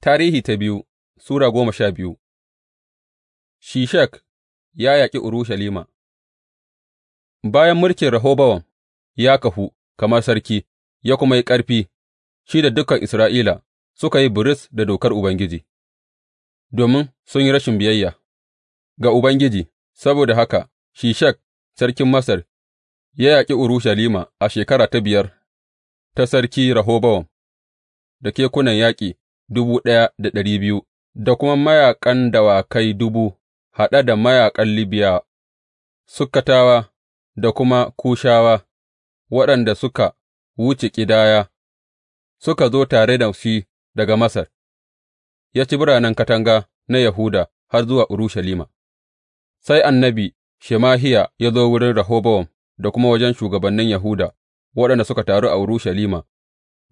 Tarihi ta biyu Sura goma sha biyu Shishak ya yaƙi Urushalima Bayan mulkin Rehobowam ya kahu kamar sarki ya kuma yi ƙarfi, shi da dukan Isra'ila suka yi buris da dokar Ubangiji, domin sun yi rashin biyayya ga Ubangiji, saboda haka Shishak sarkin Masar ya yaƙi Urushalima a shekara ta biyar ta sarki Rehobowam da kekunan yaƙi Dubu ɗaya da ɗari biyu da kuma mayaƙan dawakai dubu, haɗe da mayaƙan Libiya, Sukkatawa da kuma Kushawa, waɗanda suka wuce ƙidaya, suka zo tare da shi daga Masar, ya ci biranen katanga na Yahuda har zuwa Urushalima. Sai annabi Shemahiya ya zo wurin Rehobowam da kuma wajen shugabannin Yahuda waɗanda suka taru a Urushalima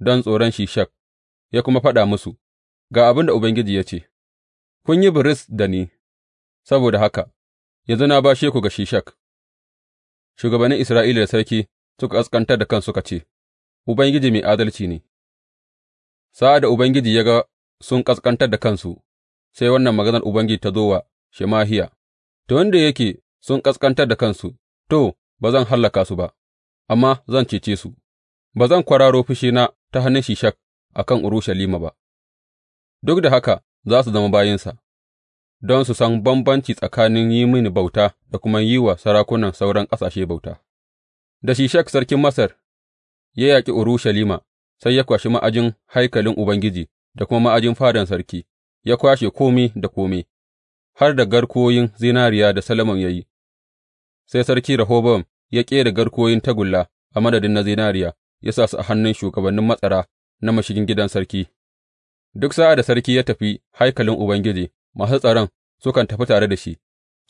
don tsoron Shishak, ya kuma faɗa musu. Ga abin da Ubangiji ya ce, Kun yi biris da ni, saboda haka yanzu na bashe ku ga Shishak, shugabannin Isra'ila da sarki suka ƙasƙantar da kansu suka ce, Ubangiji mai adalci ne, sa'ad da Ubangiji ya ga sun ƙasƙantar da kansu, sai wannan maganar Ubangiji ta zo wa Shemahiya, to, wanda yake sun ƙasƙantar da kansu, to, ba zan hallaka su ba, amma zan cece su, ba zan kwararo fushina ta hannun Shishak a kan Urushalima ba. duk da haka za su zama bayinsa, don su san bambanci tsakanin yi mini bauta da kuma yi wa sarakunan sauran ƙasashe bauta. Da Shishak sarkin Masar ya yaƙi Urushalima, sai ya kwashi ma'ajin haikalin Ubangiji da kuma ma'ajin fadan sarki, ya kwashe komi da komi. har da garkoyin zinariya da Solomon ya yi. Sai sarki Rehobowam ya ƙera garkoyin tagulla a madadin na zinariya, ya sa su a hannun shugabannin matsara na mashigin gidan sarki. Duk sa'ad da sarki ya tafi haikalin Ubangiji, masu tsaron sukan tafi tare da shi,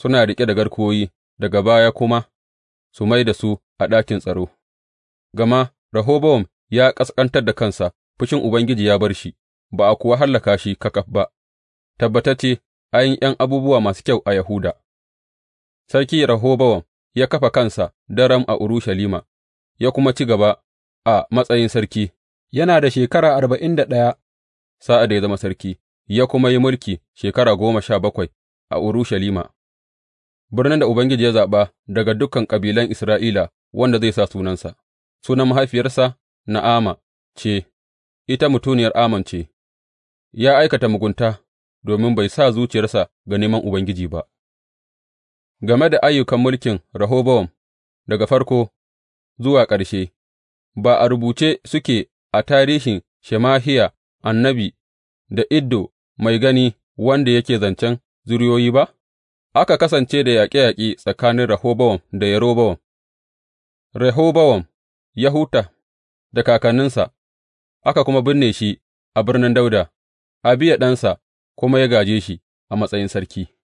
suna riƙe da garkuwoyi, daga baya kuma su mai da su a ɗakin tsaro, gama Rehobowam ya ƙasƙantar da kansa, fushin Ubangiji ya bar shi, ba a kuwa hallaka shi kakaf ba, tabbatacce an yi ’yan abubuwa masu kyau a Yahuda. Sarki Rehobowam ya kafa kansa daram a Urushalima, ya kuma ci gaba a matsayin sarki, yana da shekara arba'in da ɗaya sa'ad da ya zama sarki, ya kuma yi mulki shekara goma sha bakwai a Urushalima, birnin da Ubangiji ya zaɓa daga dukan kabilan Isra'ila wanda zai sa sunansa. Sunan mahaifiyarsa Na'ama ce, ita mutuniyar Ammon ce, ya aikata mugunta domin bai sa zuciyarsa ga neman Ubangiji ba. Game da ayyukan mulkin Rahobowam daga farko zuwa ƙarshe, ba a rubuce suke a tarihin Shemahiya annabi da Iddo mai gani wanda yake zancen zuriyoyi ba? Aka kasance da yaƙe yaƙe tsakanin Rehobowam da Yerobowam, Rehobowam ya huta da kakanninsa, aka kuma binne shi a birnin Dawuda, Abiya ɗansa kuma ya gaje shi a matsayin sarki.